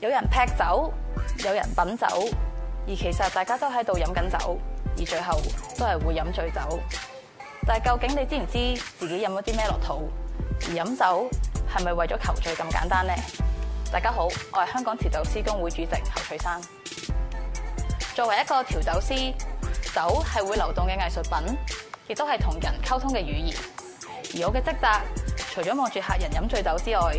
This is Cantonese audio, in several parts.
有人劈酒，有人品酒，而其實大家都喺度飲緊酒，而最後都係會飲醉酒。但係究竟你知唔知自己飲咗啲咩落肚？而飲酒係咪為咗求醉咁簡單呢？大家好，我係香港調酒師公會主席侯翠珊。作為一個調酒師，酒係會流動嘅藝術品，亦都係同人溝通嘅語言。而我嘅職責，除咗望住客人飲醉酒之外，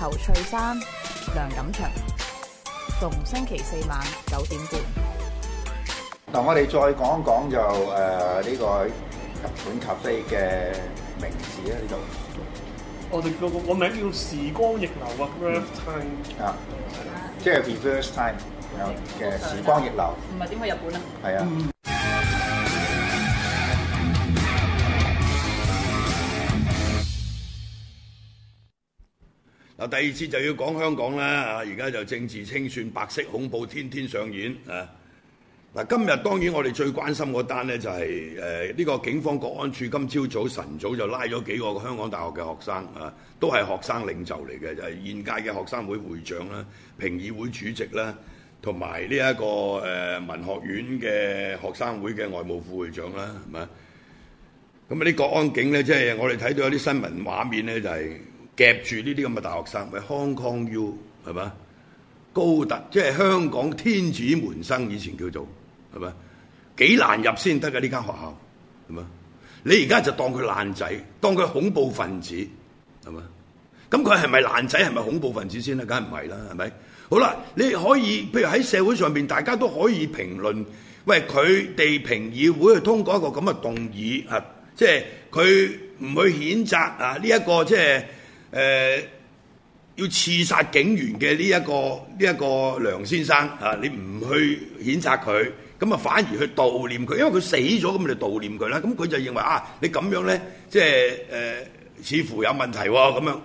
侯翠珊、梁錦祥，逢星期四晚九點半。嗱，我哋再講一講就誒呢個日本咖啡嘅名字咧，呢度。我哋個個我名叫時光逆流啊，reverse time 啊，即係 reverse time 嘅時光逆流。唔係點去日本啊？係啊。第二次就要講香港啦，而家就政治清算、白色恐怖天天上演，啊，嗱，今日當然我哋最關心嗰單呢就係誒呢個警方國安處今朝早晨早就拉咗幾個香港大學嘅學生，啊，都係學生領袖嚟嘅，就係現屆嘅學生會會長啦、評議會主席啦，同埋呢一個誒文學院嘅學生會嘅外務副會長啦，係咪啊？咁啊啲國安警呢，即係我哋睇到有啲新聞畫面呢，就係。夾住呢啲咁嘅大學生，喂，Hong Kong U 係嘛？港大即係香港天子門生，以前叫做係嘛？幾難入先得㗎呢間學校係嘛？你而家就當佢爛仔，當佢恐怖分子係嘛？咁佢係咪爛仔？係咪恐怖分子先啦，梗係唔係啦？係咪？好啦，你可以譬如喺社會上面，大家都可以評論。喂，佢哋評議會去通過一個咁嘅動議，即係佢唔去譴責啊呢一個即係。誒、呃、要刺殺警員嘅呢一個呢一、這個梁先生啊，你唔去譴責佢，咁啊反而去悼念佢，因為佢死咗，咁你就悼念佢啦。咁佢就認為啊，你咁樣咧，即係誒、呃、似乎有問題喎。咁樣，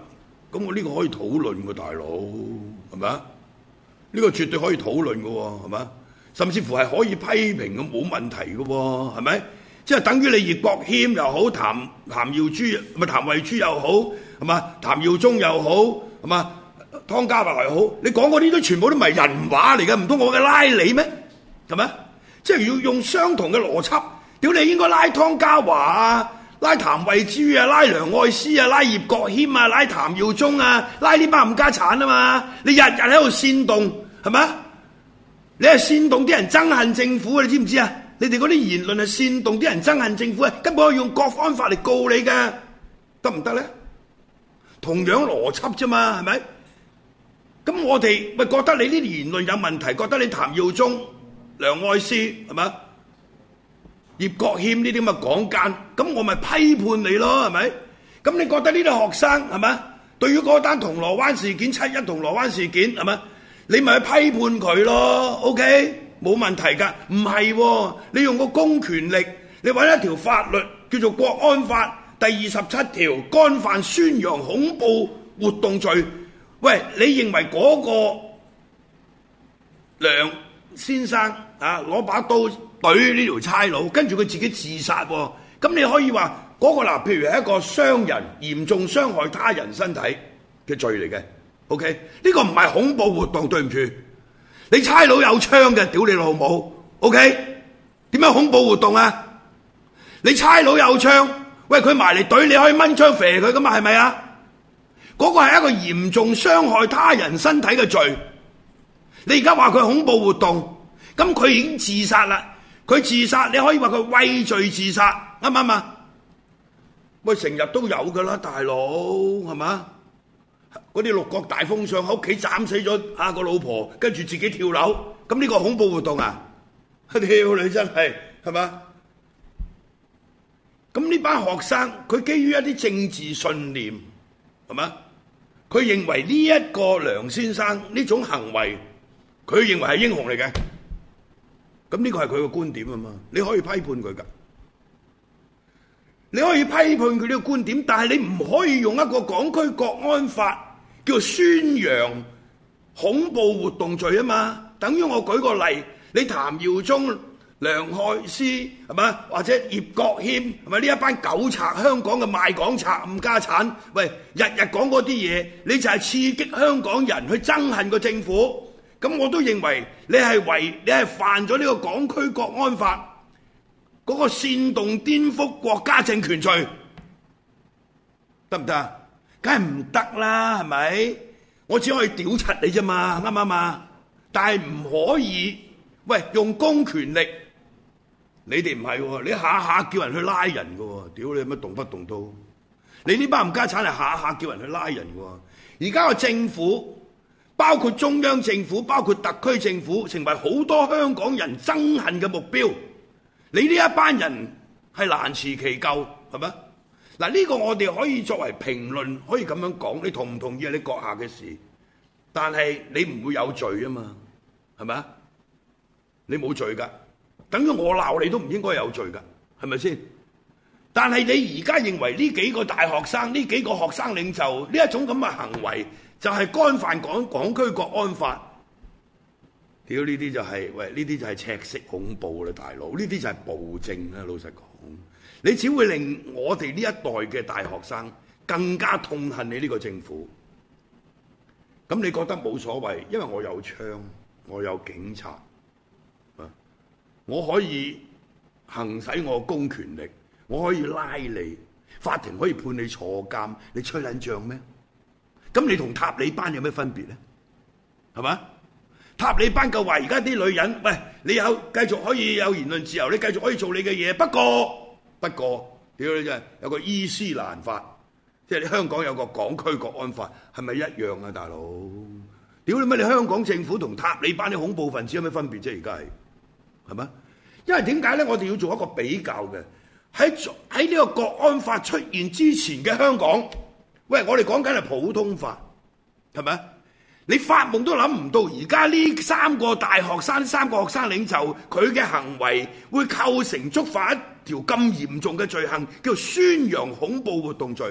咁我呢個可以討論喎，大佬係咪啊？呢、這個絕對可以討論嘅喎，係咪啊？甚至乎係可以批評嘅，冇問題嘅喎，係咪？即係等於你葉國謙又好，譚譚耀珠咪譚慧珠又好。係嘛？譚耀宗又好，係嘛？湯家驊又好，你講嗰啲都全部都唔係人話嚟嘅，唔通我會拉你咩？係咪？即係要用相同嘅邏輯，屌你應該拉湯家驊啊，拉譚惠珠啊，拉梁愛詩啊，拉葉國謙啊，拉譚耀宗啊，拉呢班冚家鏟啊嘛！你日日喺度煽動，係咪？你係煽動啲人憎恨政府啊？你知唔知啊？你哋嗰啲言論係煽動啲人憎恨政府啊！根本可以用各方法嚟告你嘅，得唔得咧？同樣邏輯啫嘛，係咪？咁我哋咪覺得你啲言論有問題，覺得你譚耀宗、梁愛詩係咪啊？葉國謙呢啲咪講奸，咁我咪批判你咯，係咪？咁你覺得呢啲學生係咪啊？對於嗰單銅鑼灣事件、七一銅鑼灣事件係咪？你咪去批判佢咯，OK？冇問題㗎，唔係喎，你用個公權力，你揾一條法律叫做《國安法》。第二十七條干犯宣揚恐怖活動罪，喂，你認為嗰個梁先生啊攞把刀懟呢條差佬，跟住佢自己自殺、啊，咁你可以話嗰、嗰個嗱，譬如係一個傷人、嚴重傷害他人身體嘅罪嚟嘅，OK？呢個唔係恐怖活動，對唔住，你差佬有槍嘅，屌你老母，OK？點樣恐怖活動啊？你差佬有槍。喂，佢埋嚟懟你，可以掹槍肥佢噶嘛？係咪啊？嗰個係一個嚴重傷害他人身體嘅罪。你而家話佢恐怖活動，咁佢已經自殺啦。佢自殺，你可以話佢畏罪自殺，啱唔啱啊？喂，成日都有噶啦，大佬係嘛？嗰啲六國大封相喺屋企斬死咗啊個老婆，跟住自己跳樓，咁呢個恐怖活動啊？跳你真係係嘛？咁呢班學生，佢基於一啲政治信念，係嘛？佢認為呢一個梁先生呢種行為，佢認為係英雄嚟嘅。咁呢個係佢嘅觀點啊嘛，你可以批判佢噶，你可以批判佢呢個觀點，但係你唔可以用一個港區國安法叫做宣揚恐怖活動罪啊嘛。等於我舉個例，你譚耀宗。梁愛詩係嘛，或者葉國謙係咪呢一班狗賊？香港嘅賣港賊、誤家產，喂，日日講嗰啲嘢，你就係刺激香港人去憎恨個政府。咁我都認為你係違，你係犯咗呢個港區國安法嗰個煽動顛覆國家政權罪，得唔得啊？梗係唔得啦，係咪？我只可以屌柒你啫嘛，啱唔啱啊？但係唔可以，喂，用公權力。你哋唔係喎，你下下叫人去拉人嘅喎，屌你有乜動不動都。你呢班冚家鏟係下下叫人去拉人嘅喎。而家個政府，包括中央政府，包括特區政府，成為好多香港人憎恨嘅目標。你呢一班人係難辭其咎，係咪啊？嗱，呢個我哋可以作為評論，可以咁樣講。你同唔同意係你閣下嘅事，但係你唔會有罪啊嘛，係咪啊？你冇罪噶。等於我鬧你都唔應該有罪噶，係咪先？但係你而家認為呢幾個大學生、呢幾個學生領袖呢一種咁嘅行為，就係干犯港、港區國安法，呢啲就係，屌呢啲就係，喂，呢啲就係赤色恐怖啦，大佬！呢啲就係暴政啦，老實講。你只會令我哋呢一代嘅大學生更加痛恨你呢個政府。咁你覺得冇所謂，因為我有槍，我有警察。我可以行使我公權力，我可以拉你，法庭可以判你坐監，你吹撚仗咩？咁你同塔利班有咩分別咧？係咪？塔利班夠話而家啲女人喂，你有繼續可以有言論自由，你繼續可以做你嘅嘢。不過不過，屌你真係有個伊斯蘭法，即係你香港有個港區國安法，係咪一樣啊？大佬，屌你咩？你香港政府同塔利班啲恐怖分子有咩分別啫？而家係。係嘛？因為點解咧？我哋要做一個比較嘅，喺喺呢個國安法出現之前嘅香港，喂，我哋講緊係普通法，係咪？你發夢都諗唔到，而家呢三個大學生，呢三個學生領袖，佢嘅行為會構成觸犯一條咁嚴重嘅罪行，叫做宣揚恐怖活動罪。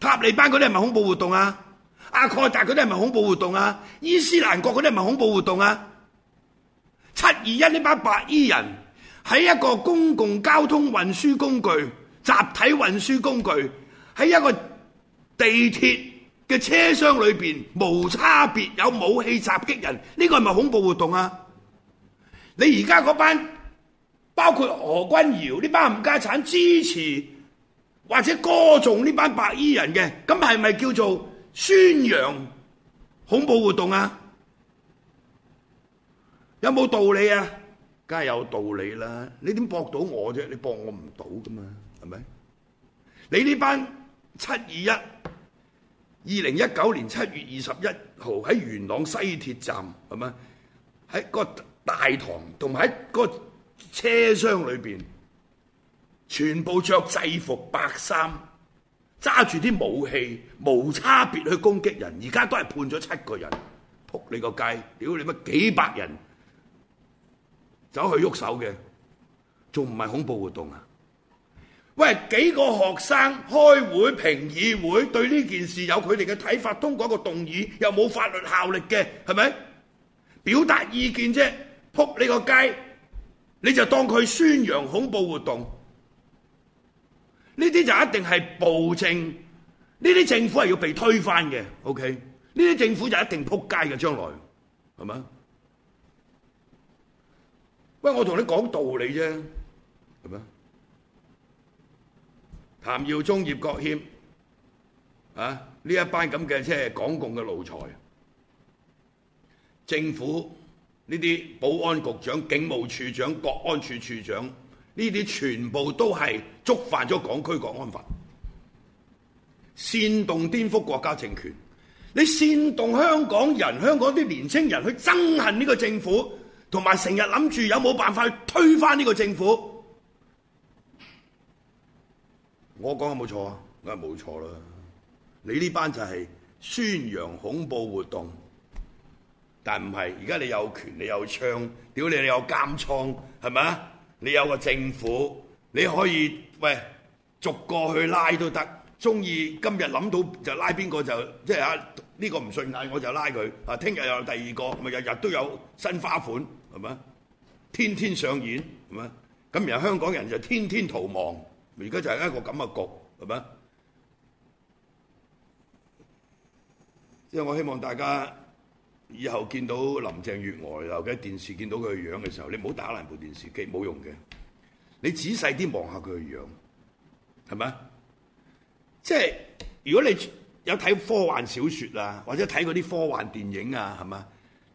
塔利班嗰啲係咪恐怖活動啊？阿蓋達嗰啲係咪恐怖活動啊？伊斯蘭國嗰啲係咪恐怖活動啊？七二一呢班白衣人喺一個公共交通運輸工具、集體運輸工具，喺一個地鐵嘅車廂裏邊，無差別有武器襲擊人，呢個係咪恐怖活動啊？你而家嗰班包括何君堯呢班冚家鏟支持或者歌頌呢班白衣人嘅，咁係咪叫做宣揚恐怖活動啊？有冇道理啊？梗係有道理啦！你點駁到我啫？你駁我唔到噶嘛？係咪？你呢班七二一二零一九年七月二十一號喺元朗西鐵站係咪？喺個大堂同埋喺個車廂裏邊，全部着制服白衫，揸住啲武器，無差別去攻擊人。而家都係判咗七個人，仆你個街！屌你乜幾百人？走去喐手嘅，仲唔係恐怖活動啊？喂，幾個學生開會評議會，對呢件事有佢哋嘅睇法，通過一個動議又冇法律效力嘅，係咪？表達意見啫，扑你個街，你就當佢宣揚恐怖活動。呢啲就一定係暴政，呢啲政府係要被推翻嘅。OK，呢啲政府就一定扑街嘅，將來係咪喂，我同你講道理啫，係咪啊？譚耀宗、葉國謙啊，呢一班咁嘅即係港共嘅奴才，政府呢啲保安局長、警務處長、國安處處長呢啲全部都係觸犯咗港區國安法，煽動顛覆國家政權，你煽動香港人、香港啲年青人去憎恨呢個政府。同埋成日諗住有冇辦法推翻呢個政府，我講得冇錯啊？梗係冇錯啦！你呢班就係宣揚恐怖活動，但唔係。而家你有權，你有槍，屌你你有監倉，係咪啊？你有個政府，你可以喂逐個去拉都得，中意今日諗到就拉邊個就即係啊呢個唔順眼我就拉佢啊！聽日又有第二個，咪日日都有新花款。係咪？天天上演係咪？咁而家香港人就天天逃亡，而家就係一個咁嘅局係咪？即係、就是、我希望大家以後見到林鄭月娥又或者電視見到佢嘅樣嘅時候，你唔好打爛部電視機，冇用嘅。你仔細啲望下佢嘅樣，係咪？即、就、係、是、如果你有睇科幻小説啊，或者睇嗰啲科幻電影啊，係咪？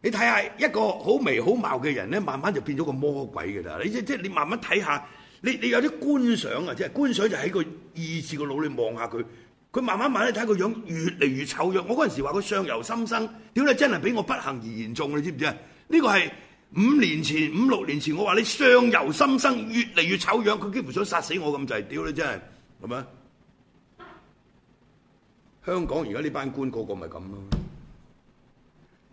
你睇下一個好眉好貌嘅人咧，慢慢就變咗個魔鬼㗎喇。你即即係你慢慢睇下，你你有啲觀想啊，即係觀想就喺個意志個腦裏望下佢。佢慢慢慢咧，睇個樣越嚟越醜樣。我嗰陣時話佢相由心生，屌你真係俾我不幸而言中，你知唔知啊？呢、呢個係五年前、五六年前我話你相由心生，越嚟越醜樣，佢幾乎想殺死我咁滯，屌你真係咁啊！香港而家呢班官個個咪咁咯。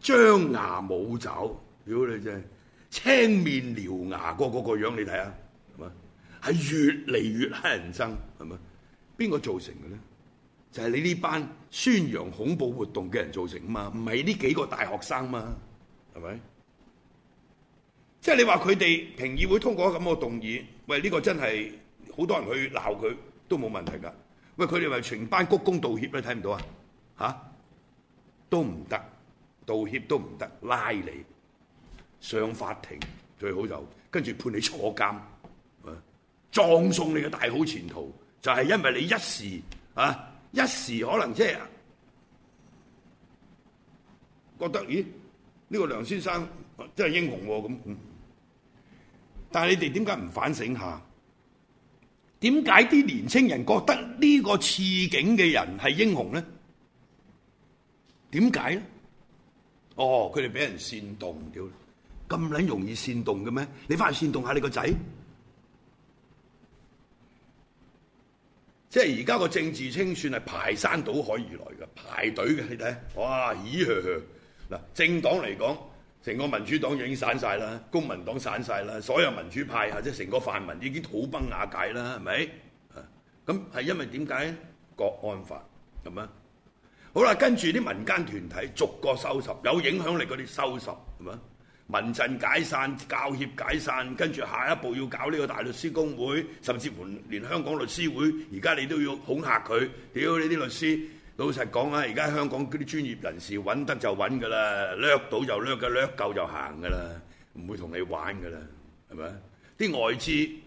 張牙舞爪，屌你真係青面獠牙，個個個樣你睇下，係嘛？係越嚟越乞人憎，係嘛？邊個造成嘅咧？就係、是、你呢班宣揚恐怖活動嘅人造成啊嘛，唔係呢幾個大學生嘛，係咪？即係你話佢哋評議會通過咁個動議，喂呢、這個真係好多人去鬧佢都冇問題㗎。喂，佢哋咪全班鞠躬道歉你睇唔到啊？嚇，都唔得。道歉都唔得，拉你上法庭，最好就跟住判你坐監，啊，葬送你嘅大好前途，就係因為你一時啊，一時可能即係覺得咦，呢個梁先生真係英雄咁，但係你哋點解唔反省下？點解啲年青人覺得呢個刺警嘅人係英雄咧？點解咧？哦，佢哋俾人煽動屌，咁撚容易煽動嘅咩？你翻去煽動下你個仔，即係而家個政治清算係排山倒海而來嘅，排隊嘅。你睇，哇，咦呵呵，嗱，政黨嚟講，成個民主黨已經散晒啦，公民黨散晒啦，所有民主派或者成個泛民已經土崩瓦解啦，係咪？啊，咁係因為點解咧？國安法咁啊。好啦，跟住啲民間團體逐個收拾，有影響力嗰啲收拾，係嘛？民陣解散，教協解散，跟住下一步要搞呢個大律師公會，甚至乎連香港律師會，而家你都要恐嚇佢。屌你啲律師，老實講啊，而家香港啲專業人士揾得就揾㗎喇，掠到就掠㗎，掠夠就行㗎喇，唔會同你玩㗎喇，係咪？啲外資。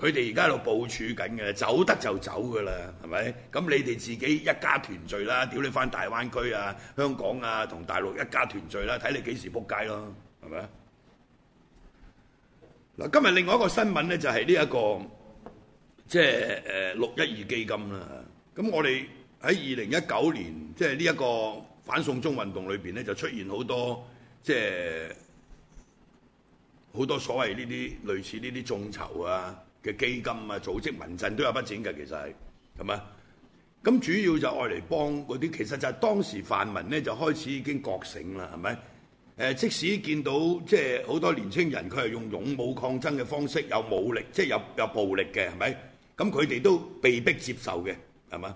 佢哋而家喺度部署緊嘅，走得就走噶啦，係咪？咁你哋自己一家團聚啦，屌你返大灣區啊、香港啊，同大陸一家團聚啦，睇你幾時仆街咯，係咪？嗱，今日另外一個新聞咧，這個，就係呢一個即係誒六一二基金啦。咁我哋喺二零一九年，即係呢一個反送中運動裏邊咧，就出現好多即係好多所謂呢啲類似呢啲眾籌啊。嘅基金啊，組織民陣都有筆錢㗎，其實係係咪？咁主要就愛嚟幫嗰啲，其實就係當時泛民咧就開始已經覺醒啦，係咪？誒，即使見到即係好多年青人，佢係用勇武抗爭嘅方式，有武力，即係有有暴力嘅，係咪？咁佢哋都被逼接受嘅，係嘛？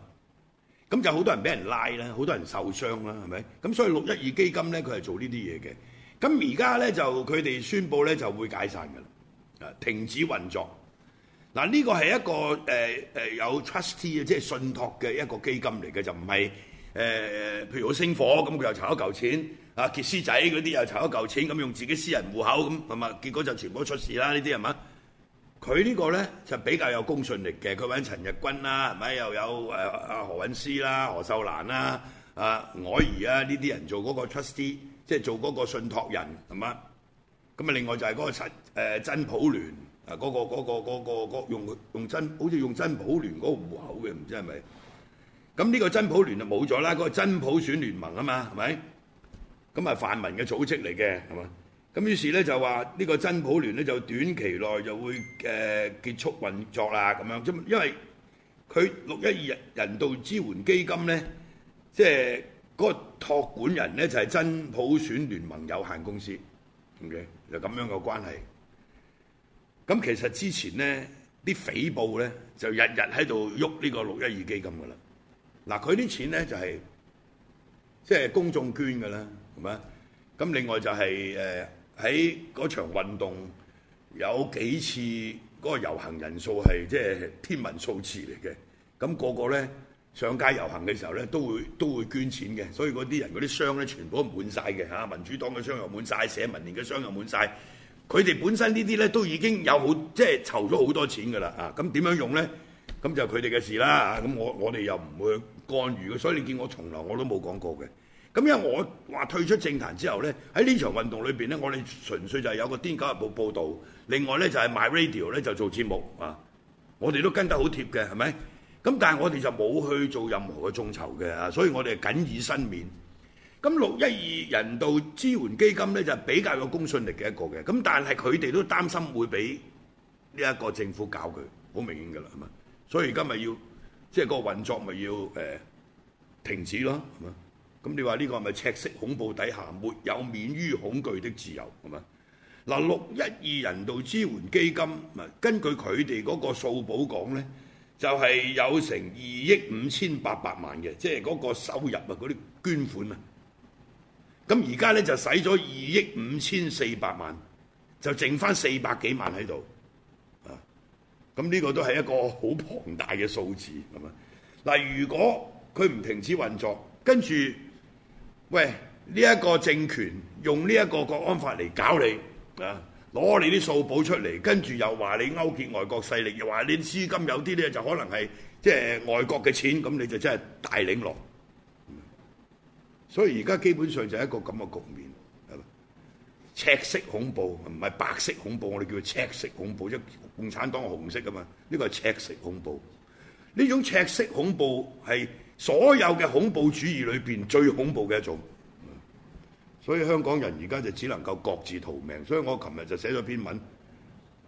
咁就好多人俾人拉啦，好多人受傷啦，係咪？咁所以六一二基金咧，佢係做呢啲嘢嘅。咁而家咧就佢哋宣布咧就會解散㗎啦，啊，停止運作。嗱，呢個係一個誒誒有 trustee 即係信託嘅一個基金嚟嘅，就唔係誒譬如好星火咁佢又籌一嚿錢啊，傑斯仔嗰啲又籌一嚿錢，咁用自己私人戶口咁係咪？結果就全部出事啦！這些是這呢啲係嘛？佢呢個咧就比較有公信力嘅，佢揾陳日君啦，係咪又有誒阿何韻詩啦、何秀蘭啦、嗯、啊靄儀啊呢啲人做嗰個 trustee，即係做嗰個信託人係嘛？咁啊另外就係嗰個陳、呃、真普聯。啊、嗰個！嗰、嗰個嗰、嗰個嗰、嗰個、嗰個嗰個、用用、用真好似用真普聯嗰個戶口嘅，唔知係咪？咁呢個真普聯就冇咗啦，嗰、嗰個真普選聯盟啊嘛，係咪？咁啊泛民嘅組織嚟嘅，係嘛？咁於是咧就話呢個真普聯咧就短期內就會誒結束運作啦，咁樣，因為佢六一二人道支援基金咧，即係嗰個託管人咧就係真普選聯盟有限公司，OK，就咁樣嘅關係。咁其實之前咧，啲匪報咧就日日喺度喐呢個六一二基金噶啦。嗱，佢啲錢咧就係即係公眾捐嘅啦，係咪？咁另外就係誒喺嗰場運動有幾次嗰個遊行人數係即係天文數字嚟嘅。咁個個咧上街遊行嘅時候咧，都會都會捐錢嘅。所以嗰啲人嗰啲箱咧，全部都滿晒嘅嚇。民主黨嘅箱又滿晒，社民連嘅箱又滿晒。佢哋本身呢啲咧都已經有好即係籌咗好多錢㗎啦啊！咁點樣用咧？咁就佢哋嘅事啦。咁我我哋又唔會干預嘅，所以你見我從來我都冇講過嘅。咁因為我話退出政壇之後咧，喺呢場運動裏邊咧，我哋純粹就係有個《癲狗日報》報導，另外咧就係 MyRadio 咧就做節目啊。我哋都跟得好貼嘅，係咪？咁但係我哋就冇去做任何嘅眾籌嘅啊，所以我哋僅以身免。咁六一二人道支援基金咧，就係、比較有公信力嘅一個嘅。咁但係佢哋都擔心會俾呢一個政府搞佢，好明顯噶啦，係嘛？所以而家咪要即係、就是、個運作咪要、呃、停止咯，係嘛？咁你話呢個係咪赤色恐怖底下沒有免於恐懼的自由？係嘛？嗱，六一二人道支援基金，根據佢哋嗰個數補講咧，就係、是、有成二億五千八百萬嘅，即係嗰個收入啊，嗰啲捐款啊。咁而家咧就使咗二億五千四百萬，就剩翻四百幾萬喺度啊！咁呢個都係一個好龐大嘅數字，係咪？嗱、啊，如果佢唔停止運作，跟住，喂，呢、呢、一個政權用呢一個國安法嚟搞你啊，攞你啲數寶出嚟，跟住又話你勾結外國勢力，又話你啲資金有啲咧就可能係即係外國嘅錢，咁你就真係大領落。所以而家基本上就係一個咁嘅局面，係咪？赤色恐怖唔係白色恐怖，我哋叫佢赤色恐怖，一共產黨紅色㗎嘛，呢個係赤色恐怖。呢種赤色恐怖係所有嘅恐怖主義裏邊最恐怖嘅一種。所以香港人而家就只能夠各自逃命。所以我琴日就寫咗篇文，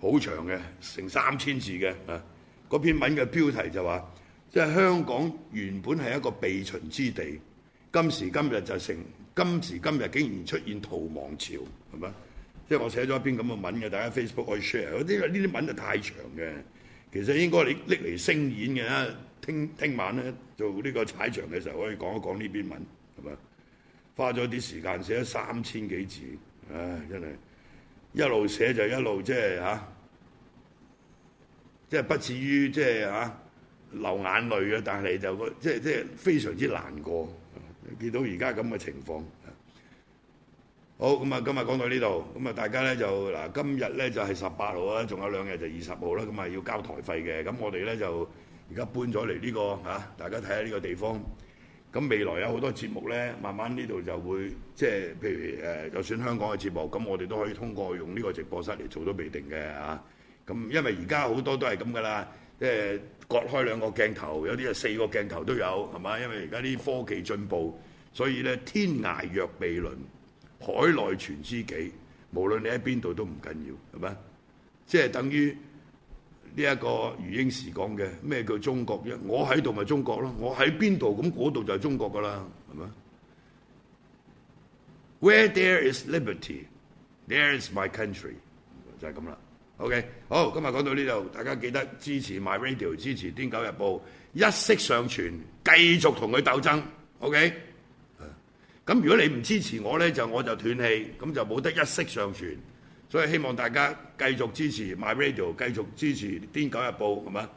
好長嘅，成三千字嘅，啊，嗰篇文嘅標題就話，即係香港原本係一個避秦之地。今時今日就成，今時今日竟然出現逃亡潮，係咪？即係我寫咗一篇咁嘅文嘅，大家 Facebook 可以 share。呢呢啲文就太長嘅，其實應該你搦嚟聲演嘅啦。聽晚咧做呢個踩場嘅時候，可以講一講呢篇文係咪？花咗啲時間寫咗三千幾字，唉，真係一路寫就一路即係呀，即係不至於即係呀流眼淚嘅，但係就即係即係非常之難過。見到而家咁嘅情況，好咁啊！今日講到呢度，咁啊大家呢，就嗱，今日呢，就係十八號啦，仲有兩日就二十號啦，咁啊要交台費嘅。咁我哋呢，就而家搬咗嚟呢個嚇，大家睇下呢個地方。咁未來有好多節目呢，慢慢呢度就會即係譬如誒，就算香港嘅節目，咁我哋都可以通過用呢個直播室嚟做都未定嘅嚇。咁因為而家好多都係咁噶啦。即係割開兩個鏡頭，有啲係四個鏡頭都有，係嘛？因為而家啲科技進步，所以咧天涯若比鄰，海內存知己。無論你喺邊度都唔緊要，係咪？即係等於呢一個余英時講嘅咩叫中國？啫？我喺度咪中國咯，我喺邊度咁嗰度就係中國噶啦，係咪？Where there is liberty, there is my country。就係咁啦。O.K. 好，今日講到呢度，大家記得支持 My Radio，支持《癲狗日報》，一息尚存，繼續同佢鬥爭。O.K. 啊，咁如果你唔支持我咧，就我就斷氣，咁就冇得一息尚存。所以希望大家繼續支持 My Radio，繼續支持《癲狗日報》，係咪？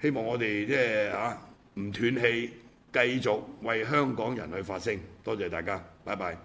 希望我哋即係啊唔斷氣，繼續為香港人去發聲。多謝大家，拜拜。